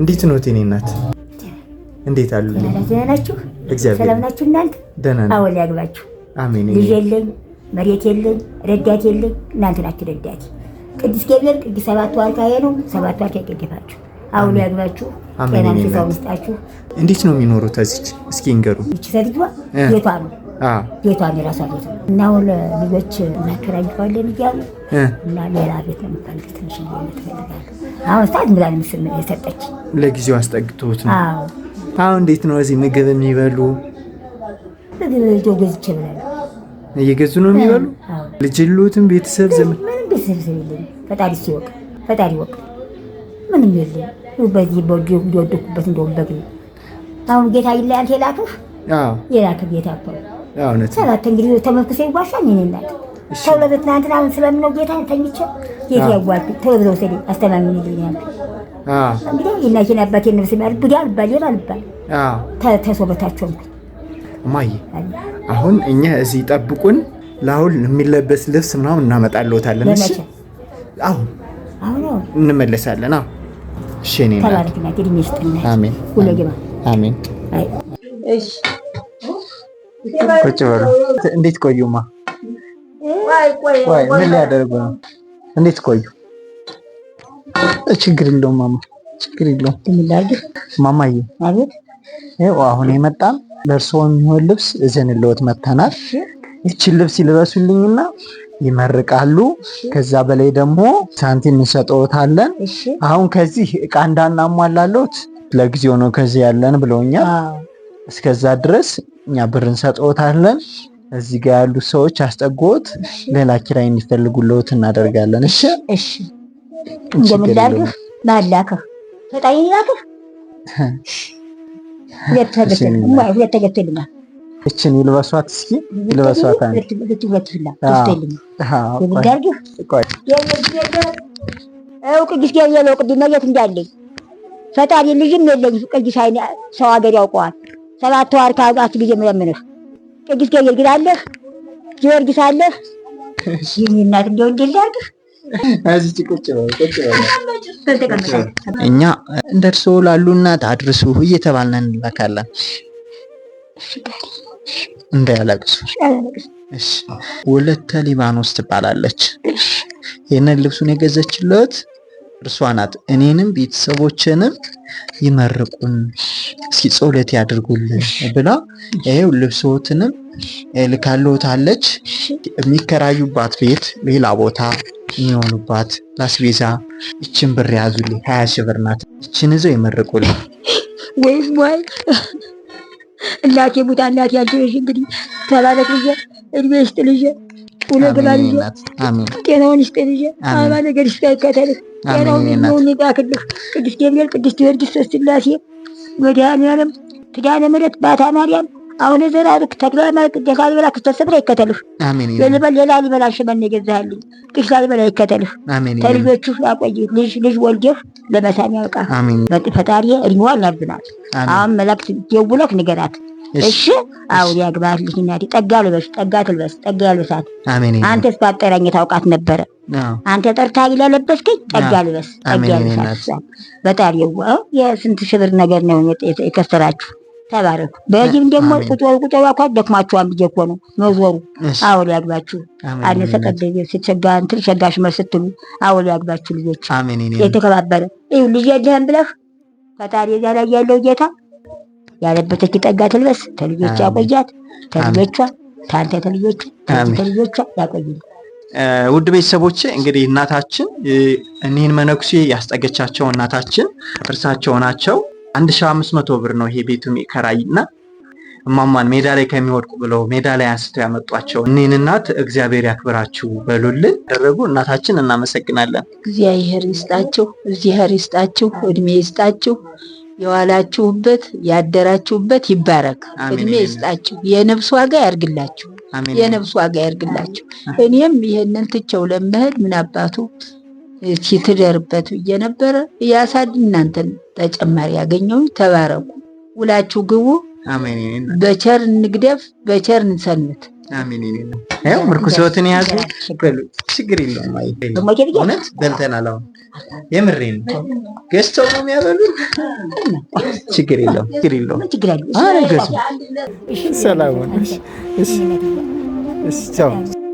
እንዴት ነው ቴኔ እናት? እንዴት አሉ? ደህና ናችሁ? እግዚአብሔር ሰላም ናችሁ እናንተ? ደህና ነው። አወል ያግባችሁ። አሜን። ልጅ የለኝ፣ መሬት የለኝ፣ ረዳት የለኝ። እናንተ ናችሁ ረዳት። ቅዱስ ገብርኤል ቅዱስ ሰባት ዋርካ ነው። ሰባት ዋርካ ይቀደፋችሁ። አሁን ያግባችሁ፣ ጤና ፊዛው እንዴት ነው የሚኖሩት እዚች? እስኪ ይቺ ቤቷ ነው ቤቷ ነው የራሷ ቤት ነው። እና አሁን ልጆች እናከራይተዋለን እያሉ እና ሌላ ቤት ነው ትንሽ አሁን ምስል የሰጠች ለጊዜው አስጠግቶት ነው። አሁን እንዴት ነው እዚህ ምግብ የሚበሉ? ምግብ ልጆ ገዝቼ እየገዙ ነው የሚበሉ። ልጅ ቤተሰብ ምንም ቤተሰብ ፈጣሪ ሲወቅ ፈጣሪ ምንም የለም። በዚህ በወዲ ወደኩበት እንደውም በግ ነው። አሁን ጌታ ይለያል የላክህ የላክ ጌታ እኮ ሰላት እንግዲህ ተመልክሶ ይዋሻል። እኔ እናት ተብለበት ትናንትና አሁን ስለምነው ጌታ ተኝቼ ጌታ ያጓል ተብሎ ሰ አስተማሚን ይልኛል እንግዲህ ይናኪን አባቴ ነብስ ሚያል ብዳ አልባል ይል አልባል ተሶበታቸውም እማዬ አሁን እኛ እዚህ ጠብቁን። ለአሁን የሚለበስ ልብስ ምናምን እናመጣለታለን። አሁን አሁን እንመለሳለን። አሁን ሸኔ ቁጭ በሉ። እንዴት ቆዩማ? ምን ሊያደርጉ ነው? እንዴት ቆዩ? ችግር የለውም ማማ፣ ችግር የለውም ማማዬ። አሁን ለእርስዎ የሚሆን ልብስ እዘንልዎት መጥተናል። ይችን ልብስ ይልበሱልኝና ይመርቃሉ። ከዛ በላይ ደግሞ ሳንቲም እንሰጠዎታለን። አሁን ከዚህ እቃ እንዳናሟላለዎት ለጊዜው ነው ከዚህ ያለን ብለውኛል። እስከዛ ድረስ እኛ ብር እንሰጠዎታለን። እዚህ ጋር ያሉ ሰዎች አስጠጎት ሌላ ኪራይ እንዲፈልጉልዎት እናደርጋለን። እሺ እሺ። እንደምላልህ ማላከህ ፈጣሪ ይላክህ ሁለት ተገትልናል እችን ይልበሷት እስኪ ይልበሷት። እውቅ ጊዜ የለው ቅድመ ቤት እንዳለኝ ፈጣሪ ልጅም የለኝ ቅዱስ አይነ ሰው ሀገር ያውቀዋል። ሰባት ተዋር ከአባት ጊዜ ምለምንህ ቅዱስ ገብርኤል ግን አለህ፣ ጊዮርጊስ አለህ። ይህን እንዲሆን እንዲያው እኛ እንደርሶ ላሉ እናት አድርሱ እየተባልን እንላካለን። እንዳያለቅሱ። ወለተ ሊባኖስ ትባላለች። ይህንን ልብሱን የገዘችለት እርሷ ናት። እኔንም ቤተሰቦችንም ይመርቁን፣ እስኪ ጸሎት ያድርጉልን ብላ ይሄው ልብሶትንም ልካለታለች። የሚከራዩባት ቤት ሌላ ቦታ የሚሆኑባት ላስቤዛ ይችን ብር ያዙልኝ፣ ሀያ ሺህ ብር ናት። ይችን ይዘው ይመርቁልኝ እናቴ ሙታ እናቴ ያልሽ እንግዲህ ተባረክ ልጄ፣ እድሜ ይስጥ ልጄ፣ ቁሎ ግባ ልጄ፣ ጤናውን ይስጥ ልጄ። አባ ነገር ይስካይከተልህ ጤናውን የሚሆን ይባክልህ። ቅዱስ ገብርኤል፣ ቅዱስ ጊዮርጊስ፣ ሶስት ስላሴ፣ መድኃኔዓለም፣ ኪዳነ ምሕረት፣ ባታ ማርያም አሁን ዘራርክ ተክለ ማርክ ደላሊበላ ክስተሰብራ ይከተልህ። አሜን። ለልበል ለላሊበላ ሽመን የገዛህልኝ ቅሽ ላሊበላ ይከተልህ። አሜን። ከልጆቹ ያቆይ ልጅ ልጅ ወልደህ ለመሳም ያውቃ። አሜን። ፈጣሪ እድሜዋን ያብዛት። አሁን መላእክት ደውለህ ንገራት። እሺ አው ያግባህ ልጅ እናቴ። ጠጋ ልበሽ፣ ጠጋ ትልበስ፣ ጠጋ ያልበሳት። አሜን። አንተስ ባጠራኝ ታውቃት ነበረ። አንተ ጠርታ ለለበስከኝ፣ ጠጋ ልበስ፣ ጠጋ ያልበሳት። በጣም የዋ የስንት ሽብር ነገር ነው የከሰራችሁ ተባረኩ። በዚህም ደግሞ ቁጠሩ ቁጠሩ አኳ ደክማችኋል ብዬ እኮ ነው መዞሩ። አዎ ሊያግባችሁ አነ ተቀደየ ስትሸጋ እንትን ሸጋሽ ስትሉ አዎ ሊያግባችሁ ልጆች የተከባበረ ይሁ ልጅ የለህም ብለህ ፈጣሪ እዚያ ላይ ያለው ጌታ ያለበተች ጠጋ ትልበስ ተልጆች ያቆያት ተልጆቿ ታንተ ተልጆቿ ተልጆቿ ያቆይል። ውድ ቤተሰቦቼ እንግዲህ እናታችን እኒህን መነኩሴ ያስጠገቻቸው እናታችን እርሳቸው ናቸው። አንድ ሺህ አምስት መቶ ብር ነው ይሄ ቤቱ የሚከራይ እና እማማን ሜዳ ላይ ከሚወድቁ ብለው ሜዳ ላይ አንስተው ያመጧቸው እኒህን እናት እግዚአብሔር ያክብራችሁ በሉልን ያደረጉ እናታችን እናመሰግናለን። እግዚአብሔር ይስጣችሁ፣ እግዚአብሔር ይስጣችሁ፣ እድሜ ይስጣችሁ፣ የዋላችሁበት ያደራችሁበት ይባረክ፣ እድሜ ይስጣችሁ፣ የነፍስ ዋጋ ያርግላችሁ፣ የነፍስ ዋጋ ያርግላችሁ። እኔም ይህንን ትቸው ለመሄድ ምን አባቱ ሲትደርበት ብዬ ነበረ። እያሳድ እናንተን ተጨማሪ ያገኘው ተባረኩ። ውላችሁ ግቡ። በቸር እንግደፍ፣ በቸር እንሰንብት። ይኸው ምርኩስ ህይወትን የያዙ ችግር የለውም። እውነት በልተናል። አሁን የምሬን ገዝተው ነው የሚያበሉት። ችግር የለውም፣ ችግር የለውም። ገዙ ሰላም